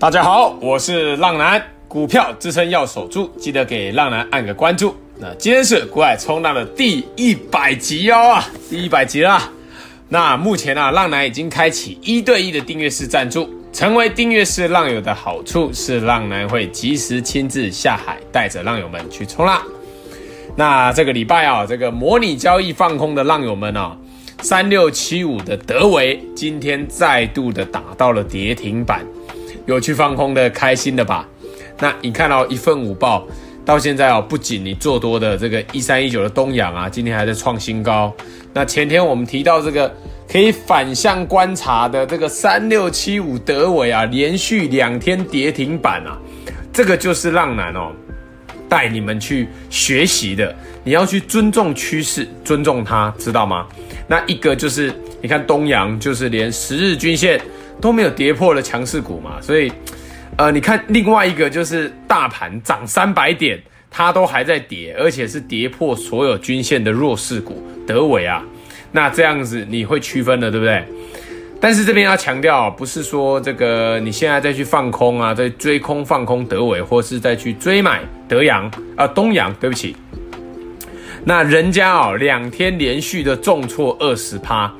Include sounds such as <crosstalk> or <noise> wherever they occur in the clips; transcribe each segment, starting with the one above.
大家好，我是浪男。股票支撐要守住，記得給浪男按個關注。那今天是《股海衝浪》的第一百集哦，第一百集啦！那目前啊，浪男已經開啟一對一的訂閱式贊助，成為訂閱式浪友的好處是，浪男會吉時親自下海，帶着浪友們去衝浪。那這個禮拜啊、哦，這個模擬交易放空的浪友們哦，三六七五的德微今天再度的打到了跌停板。有去放空的，開心的吧？那你看到、哦、一份午報，到現在哦，不僅你做多的這個一三一九的東陽啊，今天還在創新高。那前天我們提到這個可以反向觀察的這個三六七五德微啊，連續兩天跌停板啊，這個就是浪男哦帶你們去學習的，你要去尊重趨勢，尊重它，知道嗎？那一個就是你看東陽，就是連十日均線。都沒有跌破了強勢股嘛，所以，呃，你看另外一個就是大盤漲三百點，它都還在跌，而且是跌破所有均線的弱勢股德微啊，那這樣子你會區分了，對不對？但是這邊要強調、喔，不是說這個你現在再去放空啊，在追空放空德微，或是再去追買德陽啊、呃、東陽，對不起，那人家哦、喔、兩天連續的重挫二十趴，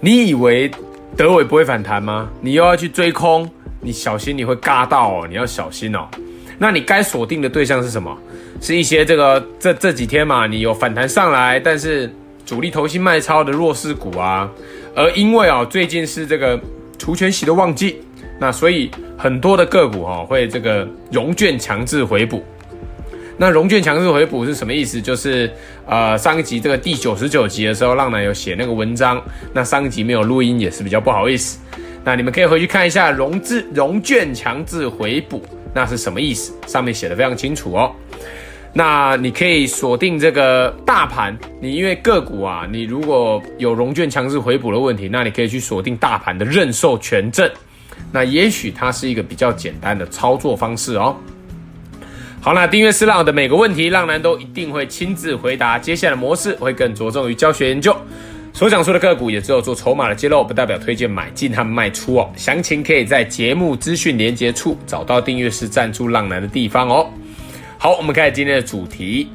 你以為？德偉不會反彈嗎？你又要去追空，你小心你會嘎到哦，你要小心哦。那你該鎖定的對象是什麼？是一些這個這這幾天嘛，你有反彈上來，但是主力投信賣超的弱勢股啊。而因為哦，最近是這個除權息的旺季，那所以很多的個股哈、哦、會這個融券強制回補。那融券強制回補是什麼意思？就是，呃，上一集這個第九十九集的時候，浪男有寫那個文章，那上一集沒有錄音也是比較不好意思。那你們可以回去看一下融資融券強制回補那是什麼意思，上面寫的非常清楚哦。那你可以鎖定這個大盤，你因為個股啊，你如果有融券強制回補的問題，那你可以去鎖定大盤的認售權證，那也許它是一個比較簡單的操作方式哦。好啦，那訂閱式浪友的每個問題，浪男都一定會親自回答。接下來的模式會更着重於教學研究，所講述的個股也只有做籌碼的揭露，不代表推薦買進和賣出哦。詳情可以在節目資訊連結處找到訂閱式贊助浪男的地方哦。好，我們開始今天的主題：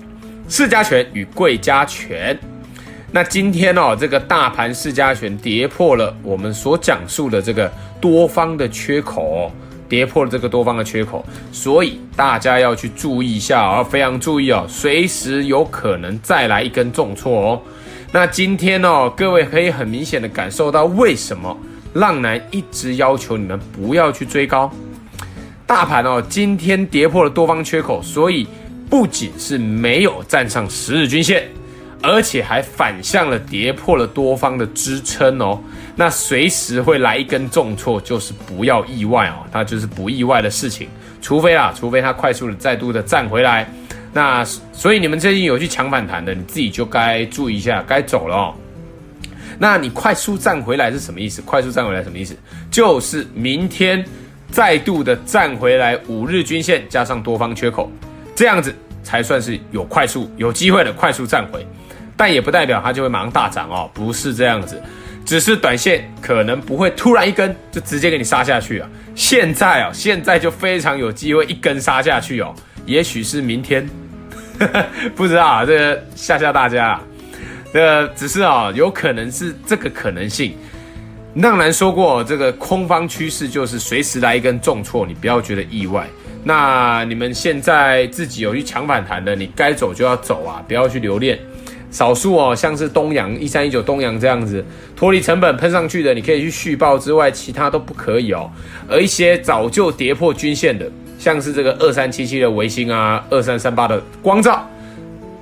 市加權與櫃加權。那今天哦，這個大盤市加權跌破了我們所講述的這個多方的缺口哦。跌破了這個多方的缺口，所以大家要去注意一下哦，非常注意哦，隨時有可能再來一根重挫哦。那今天呢，哦，各位可以很明顯的感受到，為什麼浪男一直要求你們不要去追高？大盤哦，今天跌破了多方缺口，所以不僅是沒有站上十日均線。而且還反向了，跌破了多方的支撐哦。那隨時會來一根重挫，就是不要意外哦。它就是不意外的事情，除非啊，除非它快速的再度的站回來。那所以你們最近有去搶反彈的，你自己就該注意一下，該走了哦。那你快速站回來是什麼意思？快速站回來是什麼意思？就是明天再度的站回來五日均線加上多方缺口，這樣子才算是有快速有機會的快速站回。但也不代表它就會馬上大漲哦，不是這樣子，只是短線可能不會突然一根就直接給你殺下去啊。現在哦，現在就非常有機會一根殺下去哦，也許是明天， <laughs> 不知道啊，這個嚇嚇大家啊，這個、只是啊、哦，有可能是這個可能性。浪男說過、哦，這個空方趨勢就是隨時來一根重挫，你不要覺得意外。那你們現在自己有去搶反彈的，你該走就要走啊，不要去留戀。少數哦，像是東陽一三一九、東陽這樣子脫離成本噴上去的，你可以去續抱之外，其他都不可以哦。而一些早就跌破均線的，像是這個二三七七的微星啊，二三三八的光罩。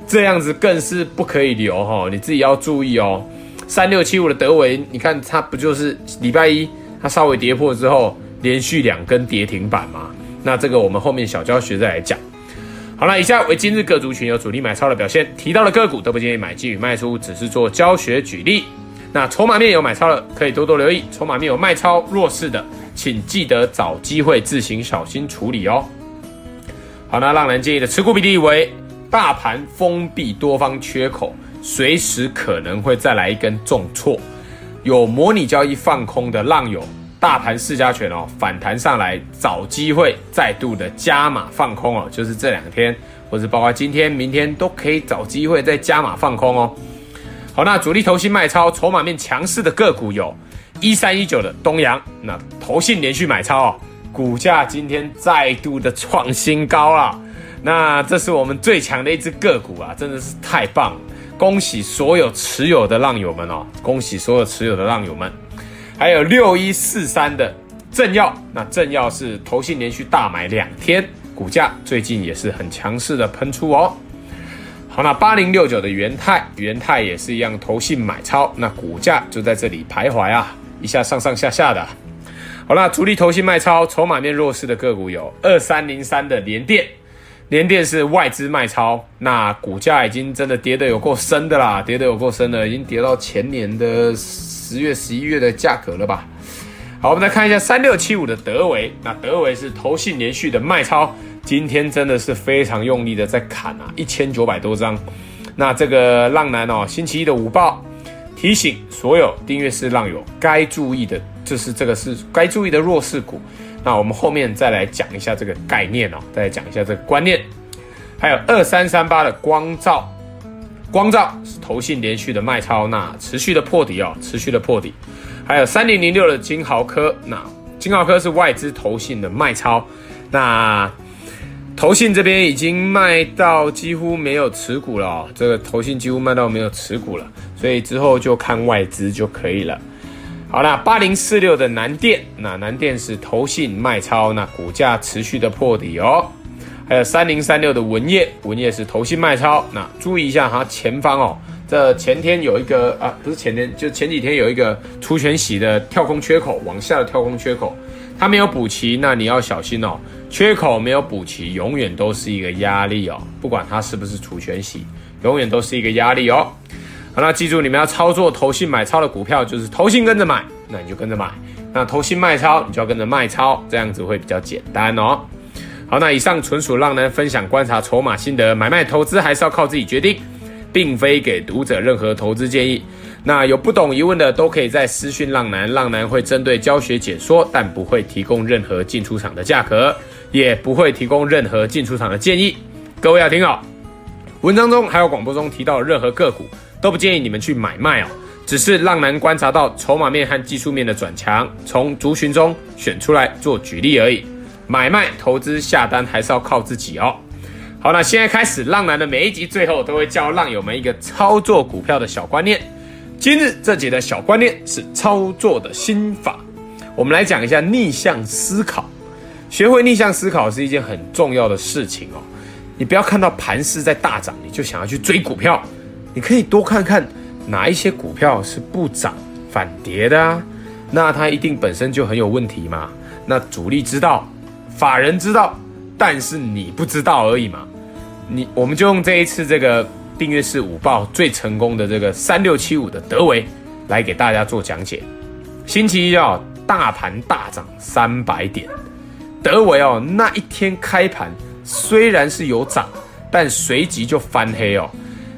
這樣子更是不可以留哈、哦，你自己要注意哦。三六七五的德微，你看它不就是禮拜一它稍微跌破之後，連續兩根跌停板嘛？那這個我們後面小教學再來講。好了，以下為今日各族群有主力買超的表現，提到的個股都不建議買進與賣出，只是做教學舉例。那籌碼面有買超的，可以多多留意；籌碼面有賣超弱勢的，請記得找機會自行小心處理哦。好，那浪男建議的持股比例為：大盤封閉多方缺口，隨時可能會再來一根重挫，有模擬交易放空的浪友。大盤市加權哦，反彈上來找機會，再度的加碼放空哦，就是這兩天，或者包括今天、明天都可以找機會再加碼放空哦。好，那主力投信買超，籌碼面強勢的個股有，一三一九的東陽，那投信連續買超哦，股價今天再度的創新高啊。那這是我們最強的一隻個股啊，真的是太棒了，恭喜所有持有的浪友們哦，恭喜所有持有的浪友們。還有六一四三的振曜，那振曜是投信連續大買兩天，股價最近也是很強勢的噴出哦。好，那八零六九的元太，元太也是一樣，投信買超，那股價就在這裡徘徊啊，一下上上下下的。好了，主力投信賣超，籌碼面弱勢的個股有二三零三的聯電，聯電是外資賣超，那股價已經真的跌得有夠深的啦，跌得有夠深了，已經跌到前年的十月、十一月的價格了吧？好，我們來看一下三六七五的德微。那德微是投信連續的賣超，今天真的是非常用力的在砍啊，一千九百多張。那這個浪男哦，星期一的午報提醒所有訂閱式浪友該注意的，就是這個是該注意的弱勢股。那我們後面再來講一下這個概念哦，再來講一下這個觀念。還有二三三八的光罩。光罩是投信連續的賣超，那持續的破底哦，持續的破底。還有三零零六的晶豪科，那晶豪科是外資投信的賣超，那投信這邊已經賣到幾乎沒有持股了哦，這個投信幾乎賣到沒有持股了，所以之後就看外資就可以了。好啦，八零四六的南電，那南電是投信賣超，那股價持續的破底哦。還有三零三六的文曄，文曄是投信賣超。那注意一下哈，前方哦，這前天有一個啊，不是前天，就前幾天有一個除權息的跳空缺口，往下的跳空缺口，它沒有補齊，那你要小心哦。缺口沒有補齊，永遠都是一個壓力哦，不管它是不是除權息，永遠都是一個壓力哦。好了，記住你們要操作投信買超的股票，就是投信跟着買，那你就跟着買。那投信賣超，你就要跟着賣超，這樣子會比較簡單哦。好，那以上純屬浪男分享觀察籌碼心得，買賣投資還是要靠自己決定，並非給讀者任何投資建議。那有不懂疑問的都可以在私訊浪男，浪男會針對教學解說，但不會提供任何進出場的價格，也不會提供任何進出場的建議。各位要聽好哦，文章中還有廣播中提到任何個股都不建議你們去買賣哦，只是浪男觀察到籌碼面和技術面的轉強，從族群中選出來做舉例而已。買賣投資下單還是要靠自己哦。好，那現在開始，浪男的每一集最後都會教浪友們一個操作股票的小觀念。今日這集的小觀念是操作的心法，我們來講一下逆向思考。學會逆向思考是一件很重要的事情哦。你不要看到盤勢在大漲，你就想要去追股票，你可以多看看哪一些股票是不漲反跌的，啊，那它一定本身就很有問題嘛。那主力知道。法人知道，但是你不知道而已嘛。你，我們就用這一次這個訂閱式午報最成功的這個三六七五的德微來給大家做講解。星期一哦，大盤大漲三百點，德微哦，那一天開盤雖然是有漲，但隨即就翻黑哦。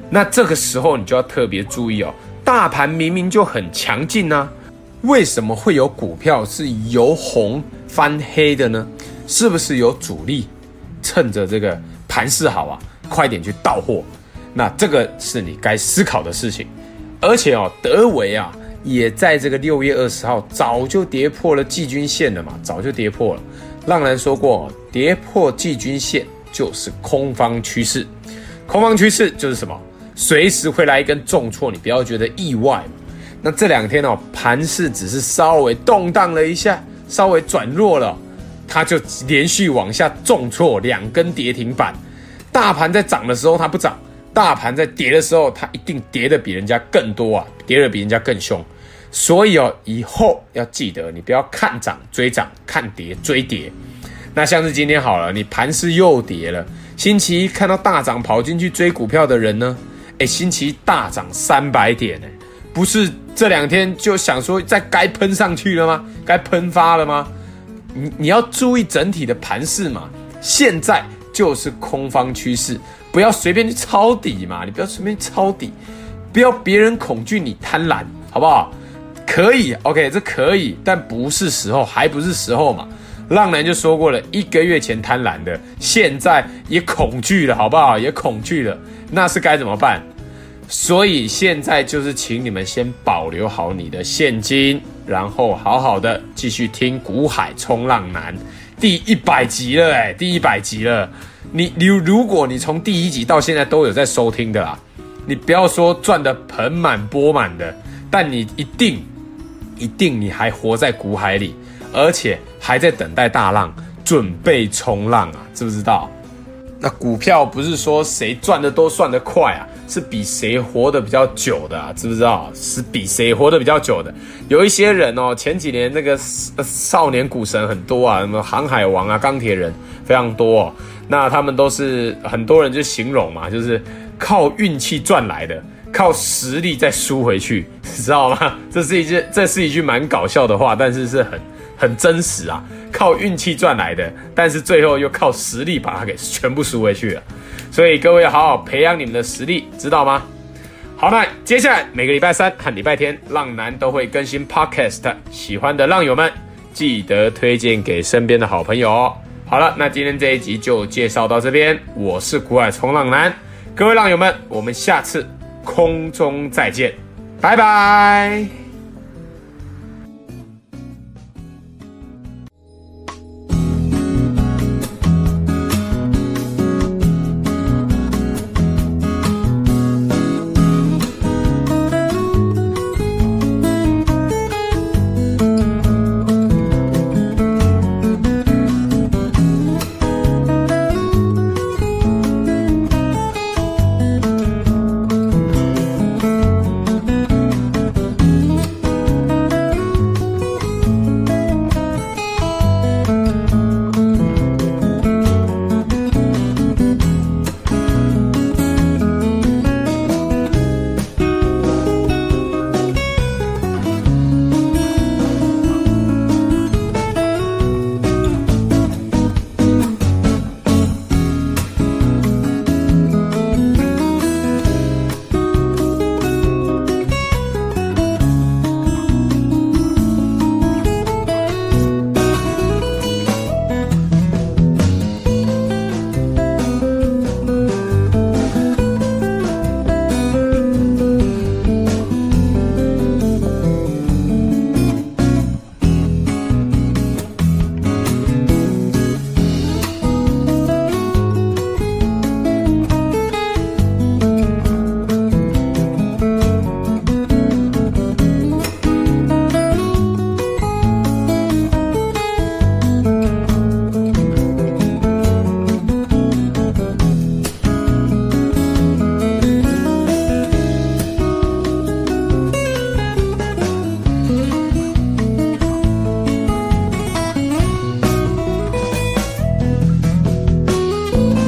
那這個時候你就要特別注意哦，大盤明明就很強勁啊，為什麼會有股票是由紅翻黑的呢？是不是有主力趁着這個盤勢好啊，快點去倒貨？那這個是你該思考的事情。而且哦，德微啊，也在這個六月二十號早就跌破了季均線了嘛，早就跌破了。浪男說過，跌破季均線就是空方趨勢，空方趨勢就是什麼？隨時會來一根重挫，你不要覺得意外嘛。那這兩天哦，盤勢只是稍微動盪了一下，稍微轉弱了。他就連續往下重挫兩根跌停板，大盤在漲的時候它不漲，大盤在跌的時候它一定跌得比人家更多啊，跌得比人家更凶。所以哦，以後要記得，你不要看漲追漲，看跌追跌。那像是今天好了，你盤勢又跌了。星期一看到大漲跑進去追股票的人呢？哎，星期一大漲三百點呢，不是這兩天就想說再該噴上去了嗎？該噴發了嗎？你你要注意整體的盤勢嘛，現在就是空方趨勢，不要隨便去抄底嘛，你不要隨便抄底，不要別人恐懼你貪婪，好不好？可以，OK，這可以，但不是時候，還不是時候嘛。浪男就說過了，一個月前貪婪的，現在也恐懼了，好不好？也恐懼了，那是該怎麼辦？所以現在就是請你們先保留好你的現金，然後好好的繼續聽《股海衝浪男》第一百集了，誒，第一百集了。你你如果你從第一集到現在都有在收聽的啦，你不要說賺得盆滿缽滿的，但你一定一定你還活在股海裡，而且還在等待大浪準備衝浪啊，知不知道？那股票不是說誰賺得多算得快啊。是比誰活得比較久的啊，知不知道？是比誰活得比較久的？有一些人哦，前幾年那個少年股神很多啊，什麼航海王啊、鋼鐵人，非常多哦。那他們都是很多人就形容嘛，就是靠運氣賺來的，靠實力再輸回去，知道嗎？這是一句這是一句蠻搞笑的話，但是是很很真實啊，靠運氣賺來的，但是最後又靠實力把它給全部輸回去了。所以各位要好好培養你們的實力，知道嗎？好，那接下來每個禮拜三和禮拜天，浪男都會更新 Podcast，喜歡的浪友們記得推薦給身邊的好朋友哦。好了，那今天這一集就介紹到這邊，我是股海衝浪男，各位浪友們，我們下次空中再見，拜拜。